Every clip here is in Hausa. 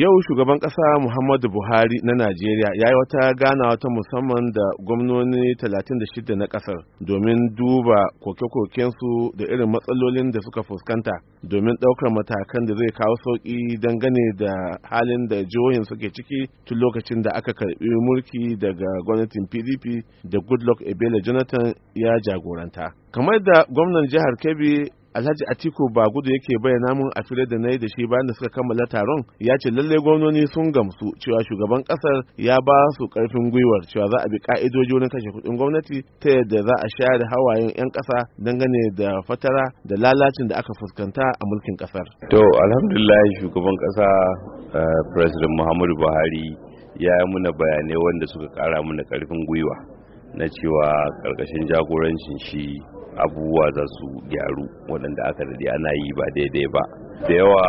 yau shugaban kasa muhammadu buhari na najeriya ya yi wata ganawa ta musamman da gwamnoni 36 na kasar domin duba koke-kokensu da irin matsalolin da suka fuskanta domin ɗaukar matakan da zai kawo sauƙi dangane da halin da jihohin suke ciki tun lokacin da aka karbi mulki daga gwamnatin pdp da goodluck ebele jonathan ya jagoranta kamar da gwamnan jihar kebbi alhaji atiku ba gudu yake bayyana mun a fili da na yi da shi bayan da suka kammala taron ya ce lallai gwamnoni sun gamsu cewa shugaban kasar ya ba su karfin gwiwar cewa za a bi ka'idoji wurin kashe kuɗin gwamnati ta yadda za a shayar da hawayen 'yan ƙasa dangane da fatara da lalacin da aka fuskanta a mulkin kasar. to alhamdulillah shugaban kasa eh, president muhammadu buhari ya yi muna bayanai wanda suka kara mana karfin gwiwa na cewa ƙarƙashin jagorancin shi abubuwa za su gyaru waɗanda aka daɗe ana yi ba daidai ba da yawa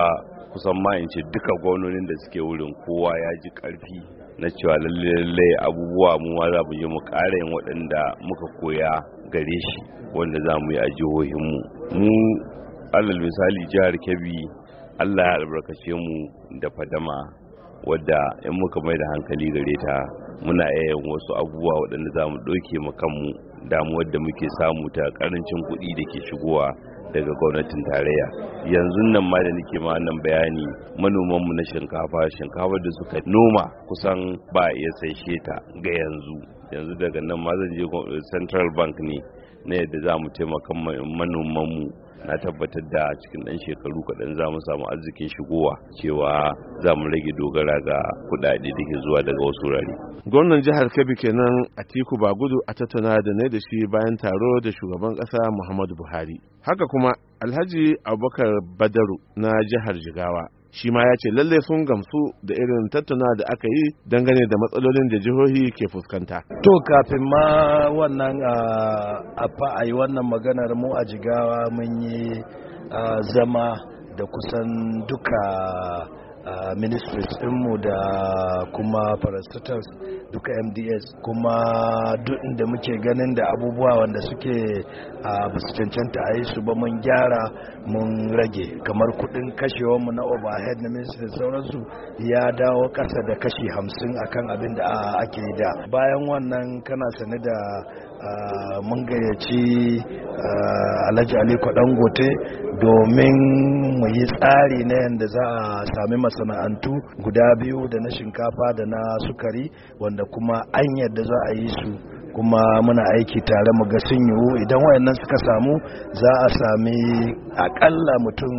kusan ma duka gwamnonin da suke wurin kowa ya ji ƙarfi na cewa lalle abubuwa mu ma za mu je mu ƙara waɗanda muka koya gare shi wanda za mu yi a jihohinmu mu alal misali jihar kebbi allah ya albarkace mu da fadama wadda in muka mai da hankali gare ta muna yayin wasu abubuwa waɗanda za mu ɗauke mu kanmu damuwar da muke samu ta karancin kuɗi da ke shigowa daga gwamnatin tarayya yanzu nan ma da nake ma nan bayani manomanmu na shinkafa shinkafa da suka noma kusan ba ya sai ta ga yanzu yanzu daga nan ma zan je central bank ne na yadda za mu taimaka manomanmu na tabbatar da a cikin ɗan shekaru kaɗan za mu samu arzikin shigowa cewa za mu rage dogara ga kuɗaɗe da ke zuwa daga wasu wurare. Gwamnan jihar Kebbi kenan Atiku Bagudu a tattauna da ne da shi bayan taro da shugaban ƙasa Muhammadu Buhari. Haka kuma Alhaji Abubakar Badaru na jihar Jigawa shi ma ya ce lallai sun gamsu da irin tattuna da aka yi dangane da matsalolin da jihohi ke fuskanta. To kafin ma wannan a yi wannan maganar mu a jigawa mun yi zama da kusan duka Uh, ministries ɗinmu da kuma parastatals duka mds kuma duk inda muke ganin da abubuwa wanda suke uh, ba su cancanta a yi su ba mun gyara mun rage kamar kudin kashewarmu na overhead na ministry sauransu ya dawo kasa da kashi hamsin akan abin da uh, ake yi da bayan wannan kana sane da mun gayyaci alhaji aliko dangote domin mu yi tsari na yadda za a sami masana'antu guda biyu da na shinkafa da na sukari wanda kuma an yadda za a yi su kuma muna aiki tare mu ga sun yiwu idan wayannan suka samu za a sami akalla mutum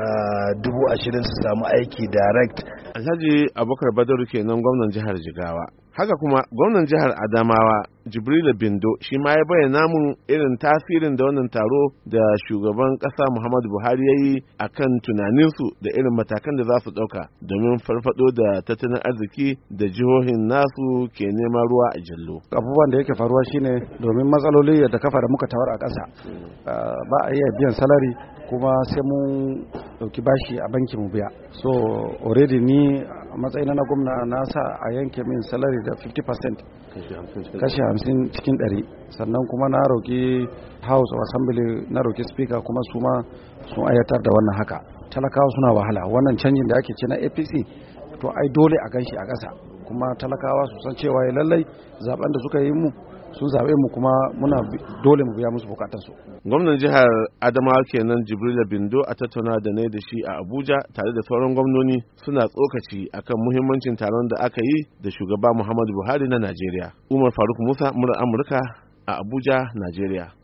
ah, dubu ashirin su samu aiki direct alhaji abubakar badaru kenan gwamnan jihar jigawa haka kuma gwamnan jihar adamawa jibrila bindo shi ma ya bayyana mun irin tasirin da wannan taro da shugaban kasa muhammadu buhari ya yi a kan tunaninsu da irin matakan da za su ɗauka domin farfado da tattalin arziki da jihohin nasu ke neman ruwa a jallo abubuwan da yake faruwa shine domin matsaloli da kafa da muka tawar a ƙasa eh, ba a iya biyan salari kuma sai mun ɗauki bashi a bankin mu biya so already ni matsayina na gwamna na sa a yanke min salari da 50% kashi 50 cikin 100 sannan kuma na roki house of assembly na roki speaker kuma su ma sun ayatar da wannan haka talakawa suna wahala wannan canjin da ake ce na apc to ai dole a ganshi a ƙasa kuma talakawa su san cewa ya eh, lallai zaben da suka yi mu sun zaɓe mu kuma muna dole mu biya musu su. Gwamnan jihar Adamawa kenan Jibrila Bindo a tattauna da ne da shi a Abuja tare da sauran gwamnoni suna tsokaci akan muhimmancin taron da aka yi da shugaba Muhammadu Buhari na Najeriya. Umar Faruk Musa, murar Amurka a Abuja, Najeriya.